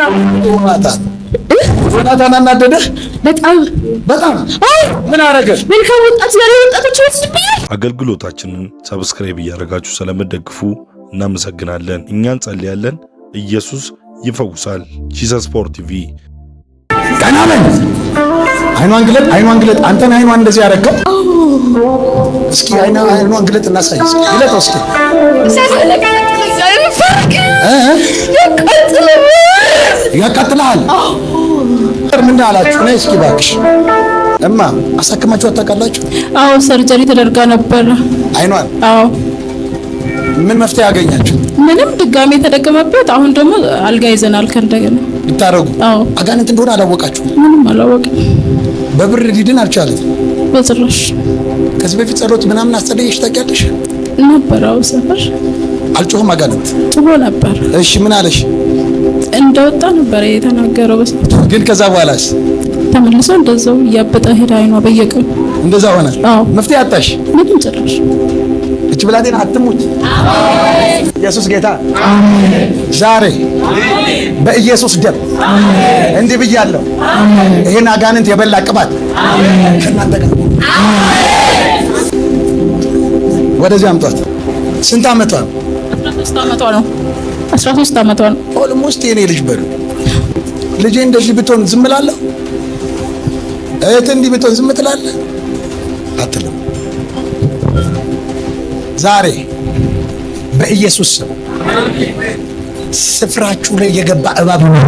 ለምን ዮናታን አናደደህ? በጣም በጣም። ምን አረገ? ምን ከወጣት ጋር ወጣቶች ይወስድብኛል። አገልግሎታችንን ሰብስክራይብ እያደረጋችሁ ስለምትደግፉ እናመሰግናለን። እኛ እንጸልያለን፣ ኢየሱስ ይፈውሳል። ጂሰስ ፓወር ቲቪ ቀናለን። አይኗን ግለጥ፣ አይኗን ግለጥ። አንተን አይኗን እንደዚህ ያረከው እስኪ አይኗን ግለጥ፣ እናሳይ። ግለጥ እስኪ ያቃጥልሃል። ምን አላችሁ? ነይ እስኪ እባክሽ። እማ አሳክማችሁ አታውቃላችሁ? አዎ ሰርጀሪ ተደርጋ ነበረ። አይኗን? አዎ። ምን መፍትሄ አገኛችሁ ምንም ድጋሜ የተደገመበት። አሁን ደግሞ አልጋ ይዘናል ከእንደገና ብታረጉ። አጋንንት እንደሆነ አላወቃችሁ? ምንም አላወቅም። በብር ሊድን አልቻለም በጭራሽ። ከዚህ በፊት ጸሎት ምናምን አስጸለየሽ ታውቂያለሽ? ነበር። አዎ ሰፈር አልጮህም። አጋንንት ጥሎ ነበር። እሺ ምን አለሽ? እንደወጣ ነበር የተናገረው። ግን ከዛ በኋላስ ተመልሶ እንደዛው እያበጠ ሄደ አይኗ በየቀኑ እንደዛ ሆነ። መፍትሄ አጣሽ? ምንም ጭራሽ። እች ብላቴና አትሙት። ኢየሱስ ጌታ። ዛሬ በኢየሱስ ደም እንዲህ ብያለሁ። ይሄን አጋንንት የበላ ቅባት ከእናንተ ጋር ወደዚህ አምጧት። ስንት አመቷ? አስራ አመቷ ነው። አስራ ሶስት አመቷ ነው። ኦልሞስት የኔ ልጅ በሉ ልጄ እንደዚህ ብትሆን ዝም እላለሁ። እህት እንዲህ ብትሆን ዝም ትላለህ አትልም። ዛሬ በኢየሱስ ስም ስፍራችሁ ላይ የገባ እባብ ነው።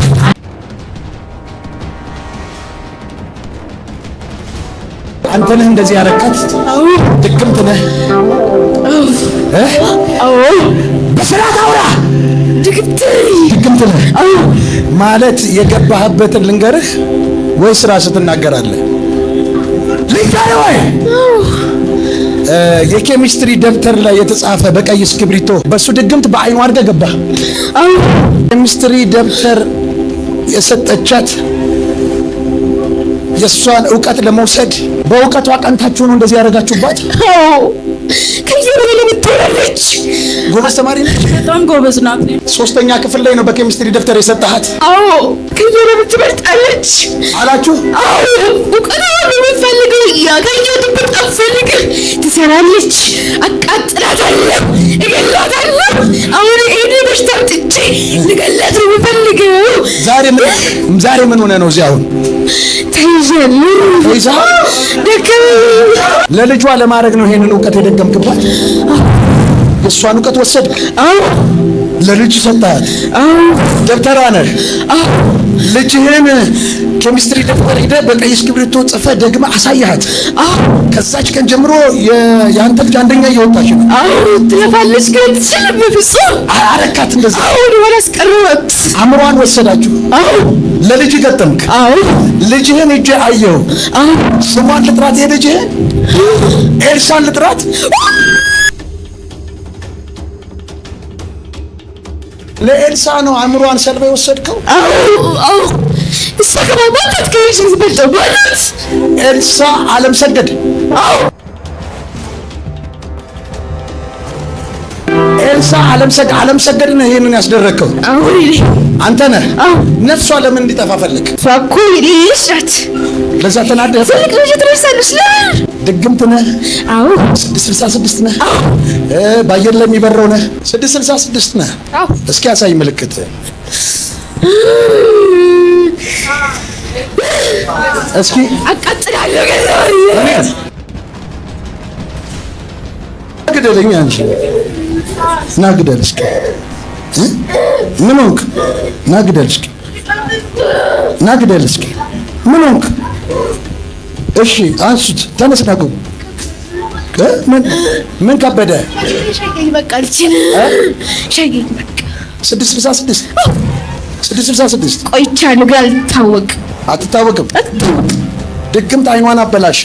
አንገትንህ እንደዚህ ያረካት ድክምት ነህ። በስርዓት አውራ ድክምት ነህ ማለት የገባህበትን ልንገርህ ወይ ስራ ስትናገራለህ ልንገርህ ወይ የኬሚስትሪ ደብተር ላይ የተጻፈ በቀይ እስክሪብቶ በሱ ድግምት በአይኑ አድርገህ ገባህ። ኬሚስትሪ ደብተር የሰጠቻት የእሷን እውቀት ለመውሰድ በእውቀቷ ቀንታችሁ ነው እንደዚህ ያደረጋችሁባት? ከዚህ በላይ የምትወራለች። ጎበዝ ተማሪ ነች፣ በጣም ጎበዝ ናት። ሶስተኛ ክፍል ላይ ነው በኬሚስትሪ ደብተር የሰጠሃት? አዎ ከዚህ በላይ ትበልጣለች አላችሁ? አዎ እውቀቷ የምፈልገው እያ ያ በጣም ፈልግ ትሰራለች። አቃጥላታለሁ፣ እገላታለሁ። አሁን ይሄን በሽታ አምጥቼ ልገላት ነው የምፈልገው። ዛሬ ምን ዛሬ ምን ሆነ ነው እዚህ አሁን ምሩ ወይዛ ለልጇ ለማድረግ ነው ይሄንን እውቀት የደገምክባት። የእሷን እውቀት ወሰድክ። ለልጅ ሰጣት። ደብተሯ ነሽ። ልጅህን ኬሚስትሪ ደብተር ሄደ በቀይ እስክሪብቶ ጽፈ ደግመ አሳያት። ከዛች ቀን ጀምሮ የአንተ ልጅ አንደኛ እየወጣች ነው። ትለፋለች፣ ግን ስል በፍጹም አረካት። እንደዛ ወደ አስቀረበት አእምሯን ወሰዳችሁ። ለልጅ ገጠምክ። ልጅህን እጄ አየሁ። ስሟን ልጥራት? የልጅህን ኤልሳን ልጥራት? ለኤልሳ ነው አእምሯን ሰልባ የወሰድከው። ኤልሳ ዓለም ሰገድ፣ ኤልሳ ዓለም ሰገድ ነው። ይህንን ያስደረግከው አንተ ነህ። ነፍሷ ለምን እንዲጠፋ ፈለግ? ለዛ ተናደህ ድግምት ነህ? አዎ። 666 ነህ? አዎ። በአየር ላይ የሚበረው ነህ? 666 ነህ? አዎ። እስኪ ያሳይ ምልክት። እስኪ አቃጥላለሁ። ግደለኝ አንቺ ና ግደል እስኪ። ምን ሆንክ? ና ግደል እስኪ። ና ግደል እስኪ። ምን ሆንክ? እሺ አንሱት፣ ተነስና ግቡ። ምን ከበደ? ስድስት ስልሳ ስድስት ስድስት ቆይቻ አልታወቅ አትታወቅም። ድግምት አይኗን አበላሸ።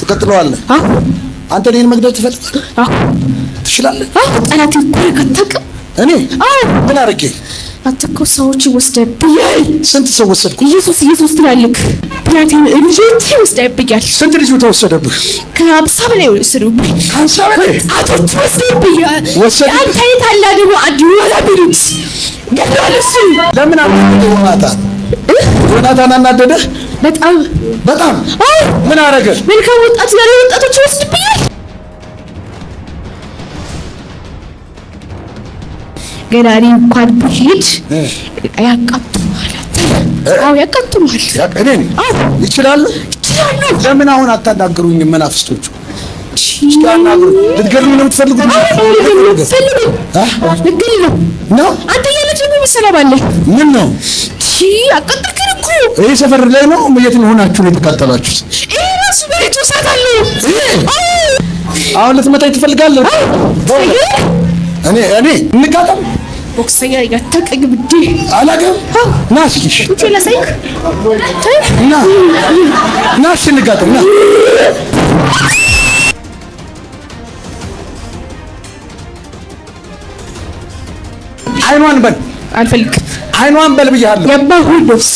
ትቀጥለዋለህ። አንተ እኔን መግደል ትፈልጋለህ? ትችላለህ። እኔ ምን አድርጌ አትኮ ሰዎች ይወስደብኛል። ስንት ሰው ወሰድኩ? ኢየሱስ ኢየሱስ ትላልክ ብራቴ ልጆች ይወስደብኛል። ስንት ልጅ ተወሰደብህ? ከሀምሳ በላይ ወሰዱብኝ። ሀምሳ በላይ አቶች ወስደብኛል። አንተ የት ደግሞ አንድ ለምን አናደደ? ዮናታን ዮናታን አናደደ በጣም በጣም። ምን አረገ? መልካም ወጣት ዛሬ ወጣቶች ይወስድብኛል ገዳሪ እንኳን ብሄድ ያቃጥማል። ያቃጥማል። ይችላሉ ይችላሉ። ለምን አሁን አታናግሩኝ? መናፍስቶቹ ልትገሉ ነው የምትፈልጉት? ነው። አንተ እያለች ምን ነው አቃጠልከን እኮ። ይህ ሰፈር ላይ ነው። የት ሆናችሁ ነው የተቃጠላችሁት? ራሱ እሳት አለው። አሁን ልትመታኝ ትፈልጋለህ? እኔ እኔ እንቃጠል ቦክሰኛ እያታቀኝ ብዴ አላገም ና እስኪሽ ለሰይክ ና ና ስንጋጠም ና አይኗን በል አልፈልግም። አይኗን በል ብያለሁ። የባሁ ቦክስ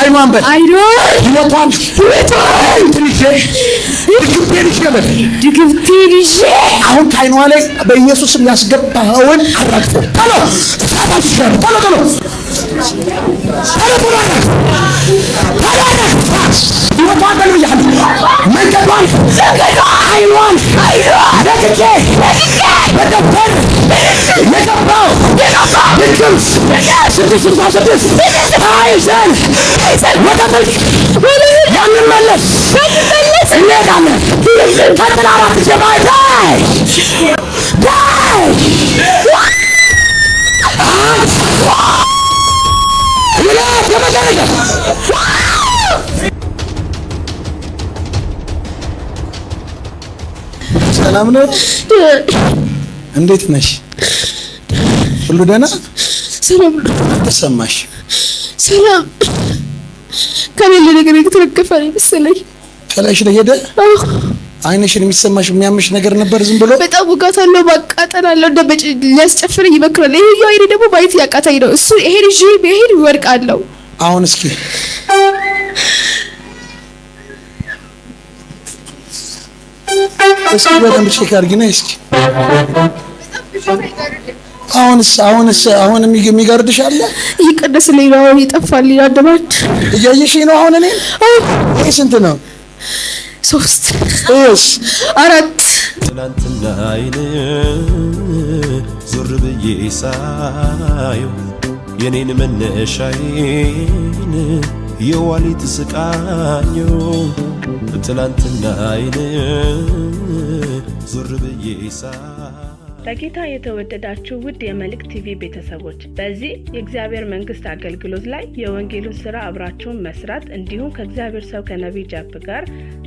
አይኗን በል አይኗን ትንሽ ድግምቴን ይዤ እመጣለሁ። ድግምቴን አሁን ከዓይኗ ላይ በኢየሱስም ያስገባኸውን አራግፎ ቶሎ ተሳታፊ ጋር ቶሎ ቶሎ ወደ ያንን መለስ እንሄዳለን። ከተራራት ጀባ ዳይ ዳይ ሰላም ነው። እንዴት ነሽ? ሁሉ ደህና? ሰላም ተሰማሽ? ሰላም ከሌለ ነገር የተረገፈ ነው መሰለኝ። ከላይሽ ላይ ሄደ። አይንሽን የሚሰማሽ የሚያምሽ ነገር ነበር። ዝም ብሎ በጣም ውጋት አለው፣ ማቃጠል አለው። ሊያስጨፍረኝ ይመክራል። ይሄ ያው አይኔ ደግሞ ማየት ያቃታኝ ነው። እሱ ይሄ ልጅ ይሄ ይወርቅ አለው። አሁን እስኪ እስኪ በደንብ ቼክ አድርጊና እስኪ አሁንስ አሁንስ አሁን የሚገርድሽ አለ እየቀነስ ሌላ አሁን ይጠፋል ይላደባች እያየሽ ነው። አሁን እኔ አይ ስንት ነው? ሶስት ስ አራት ትናንትና አይን ዞር ብዬ ሳየው የኔን መነሻዬን የዋሊት ስቃኘው ትናንትና አይን ዞር ብዬ ሳየው በጌታ የተወደዳችሁ ውድ የመልሕቅ ቲቪ ቤተሰቦች በዚህ የእግዚአብሔር መንግስት አገልግሎት ላይ የወንጌሉን ስራ አብራችሁን መስራት እንዲሁም ከእግዚአብሔር ሰው ከነቢይ ጃፕ ጋር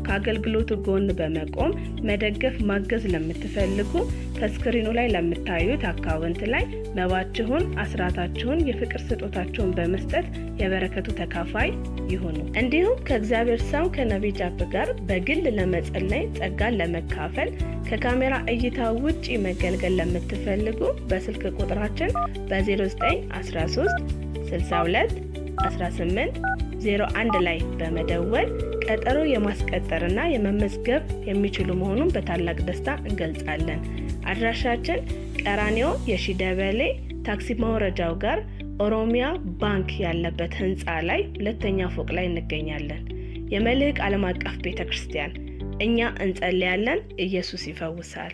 ከአገልግሎቱ ጎን በመቆም መደገፍ ማገዝ ለምትፈልጉ ከስክሪኑ ላይ ለምታዩት አካውንት ላይ መባችሁን፣ አስራታችሁን፣ የፍቅር ስጦታችሁን በመስጠት የበረከቱ ተካፋይ ይሁኑ። እንዲሁም ከእግዚአብሔር ሰው ከነቢይ ጃፕ ጋር በግል ለመጸለይ ጸጋን ለመካፈል ከካሜራ እይታ ውጪ መገልገል ለምትፈልጉ በስልክ ቁጥራችን በ0913 62 18 01 ላይ በመደወል ቀጠሮ የማስቀጠርና የመመዝገብ የሚችሉ መሆኑን በታላቅ ደስታ እንገልጻለን። አድራሻችን ቀራኒዮ የሺደበሌ ታክሲ መውረጃው ጋር ኦሮሚያ ባንክ ያለበት ህንፃ ላይ ሁለተኛ ፎቅ ላይ እንገኛለን። የመልህቅ ዓለም አቀፍ ቤተ ክርስቲያን እኛ እንጸልያለን፣ ኢየሱስ ይፈውሳል።